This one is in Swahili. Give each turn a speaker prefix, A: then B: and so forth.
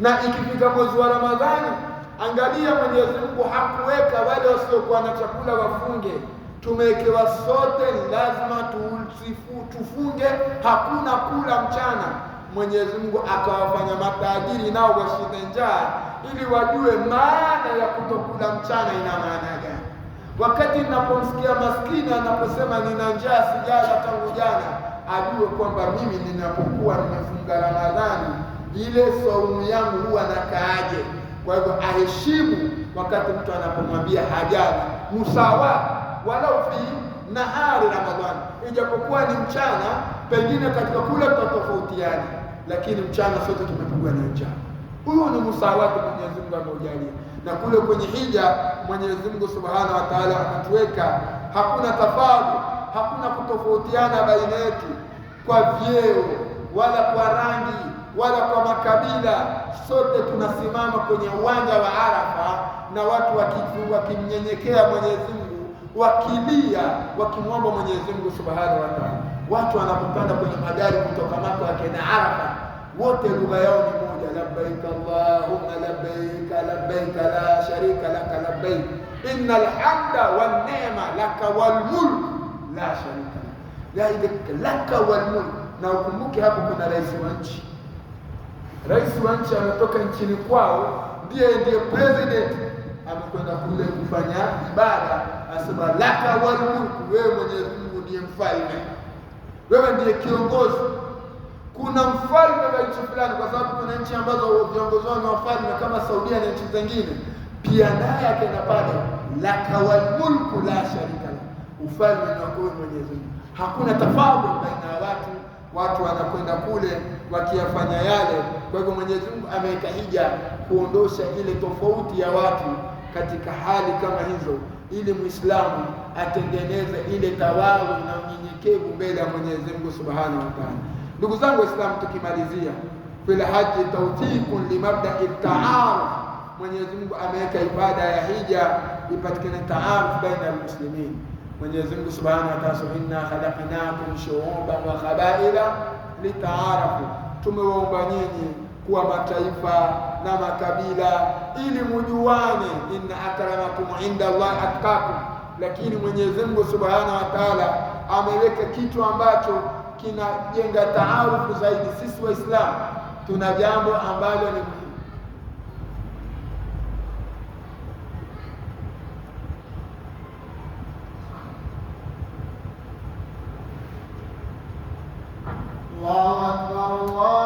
A: na ikifika mwezi wa Ramadhani, angalia, Mwenyezi Mungu hakuweka wale wasiokuwa na chakula wafunge. Tumewekewa sote, lazima tufunge, hakuna kula mchana. Mwenyezi Mungu akawafanya matajiri nao washinde njaa, ili wajue maana ya kutokula mchana ina maana gani. Wakati ninapomsikia maskini anaposema nina njaa, sijala tangu jana, ajue kwamba mimi ninapokuwa nimefunga Ramadhani ile saumu yangu huwa nakaaje? Kwa hivyo aheshimu wakati mtu anapomwambia hajati musawa walau fi nahari Ramadhani, ijapokuwa ni mchana, pengine katika kule tutatofautiana, lakini mchana sote tumepigwa na mchana. Huyo ni musawati Mwenyezi Mungu ameujalia, na kule kwenye hija Mwenyezi Mungu Subhanahu wa Ta'ala anatuweka, hakuna tafadhu, hakuna kutofautiana baina yetu kwa vyeo wala kwa rangi wala kwa makabila. Sote tunasimama kwenye uwanja wa Arafa na watu wakimnyenyekea Mwenyezi Mungu, wakilia, wakimwomba Mwenyezi Mungu subhanahu wa taala. Watu wanapopanda kwenye magari kutoka Maka wakienda Arafa, wote lugha yao ni moja, labbaik allahumma labbaik labbaik la sharika laka labbaik innal hamda wan ni'ma laka wal mulk la sharika laka laka wal mulk. Na ukumbuke hapo kuna rais wa nchi rais wa nchi anatoka nchini kwao, ndiye ndiye president amekwenda kule kufanya ibada, anasema laka wal wewe Mwenyezi Mungu ndiye mfalme, wewe ndiye kiongozi. Kuna mfalme wa nchi fulani, kwa sababu kuna nchi ambazo viongozi wao ni wafalme kama Saudia na nchi zingine, pia naye akenda pale, laka walmulku la sharika la, ufalme ni wako Mwenyezi Mungu, hakuna tofauti baina ya watu watu wanakwenda kule wakiyafanya yale. Kwa hivyo Mwenyezi Mungu ameweka hija kuondosha ile tofauti ya watu katika hali kama hizo, ili Muislamu atengeneze ile tawaru na unyenyekevu mbele ya Mwenyezi Mungu Subhanahu wa Ta'ala. Ndugu zangu Waislamu, tukimalizia fil haji tawfiqun limabdai taaruf, Mwenyezi Mungu ameweka ibada ya hija ipatikane taaruf baina ya muslimini. Mwenyezi Mungu Subhanahu wa Ta'ala, inna khalaqnakum shu'uban wa qabaila litaarafu, tumewaumba nyinyi kuwa mataifa na makabila ili mujuane. Inna akramakum inda Allah atqakum. Lakini Mwenyezi Mungu Subhanahu wa Ta'ala ameweka kitu ambacho kinajenga taarufu zaidi. Sisi Waislamu tuna jambo ambalo ni الله أكبر الله